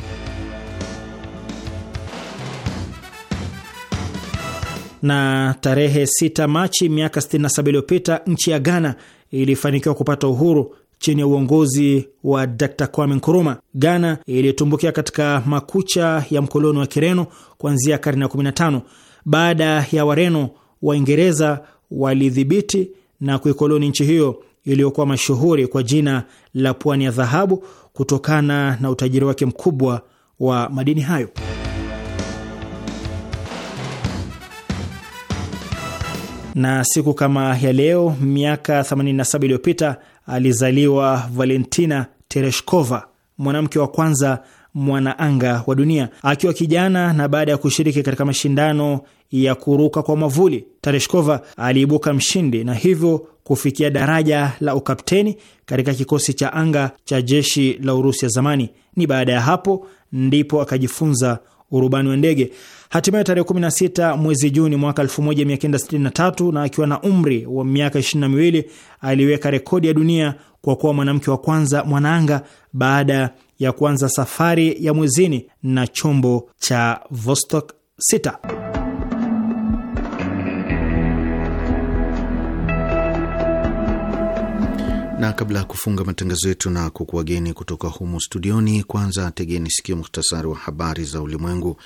Na tarehe 6 Machi miaka 67 iliyopita, nchi ya Ghana ilifanikiwa kupata uhuru chini ya uongozi wa Dr. Kwame Nkrumah. Ghana ilitumbukia katika makucha ya mkoloni wa Kireno kuanzia karne ya 15. Baada ya Wareno, Waingereza walidhibiti na kuikoloni nchi hiyo iliyokuwa mashuhuri kwa jina la Pwani ya Dhahabu kutokana na utajiri wake mkubwa wa madini hayo. na siku kama ya leo miaka 87 iliyopita alizaliwa Valentina Tereshkova, mwanamke wa kwanza mwanaanga wa dunia. Akiwa kijana na baada ya kushiriki katika mashindano ya kuruka kwa mavuli, Tereshkova aliibuka mshindi na hivyo kufikia daraja la ukapteni katika kikosi cha anga cha jeshi la Urusi ya zamani. Ni baada ya hapo ndipo akajifunza urubani wa ndege. Hatimaye tarehe 16 mwezi Juni mwaka 1963 na akiwa na umri wa miaka 22 aliweka rekodi ya dunia kwa kuwa mwanamke wa kwanza mwanaanga baada ya kuanza safari ya mwezini na chombo cha Vostok 6. na kabla ya kufunga matangazo yetu na kukuwageni kutoka humu studioni, kwanza tegeni sikio muhtasari wa habari za ulimwengu.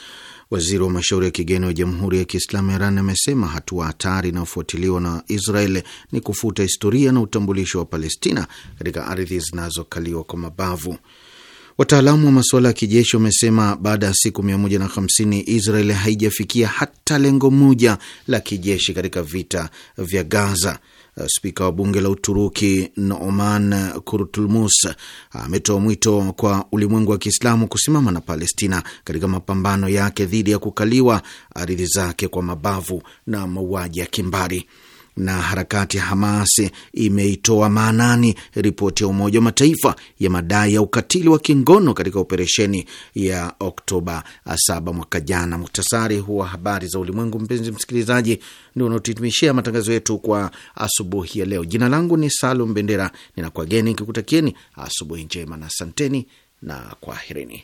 Waziri wa mashauri ya kigeni wa Jamhuri ya Kiislamu ya Iran amesema hatua hatari inayofuatiliwa na Israel ni kufuta historia na utambulisho wa Palestina katika ardhi zinazokaliwa kwa mabavu. Wataalamu wa masuala ya kijeshi wamesema baada ya siku 150 Israel haijafikia hata lengo moja la kijeshi katika vita vya Gaza. Spika wa bunge la Uturuki noman Kurtulmus ametoa mwito kwa ulimwengu wa Kiislamu kusimama na Palestina katika mapambano yake dhidi ya kukaliwa ardhi zake kwa mabavu na mauaji ya kimbari na harakati ya Hamas imeitoa maanani ripoti ya Umoja wa Mataifa ya madai ya ukatili wa kingono katika operesheni ya Oktoba 7 mwaka jana. Muktasari huwa habari za ulimwengu, mpenzi msikilizaji, ndio unaotuhitimishia matangazo yetu kwa asubuhi ya leo. Jina langu ni Salum Bendera, ninakwageni nikikutakieni asubuhi njema na asanteni na kwaherini.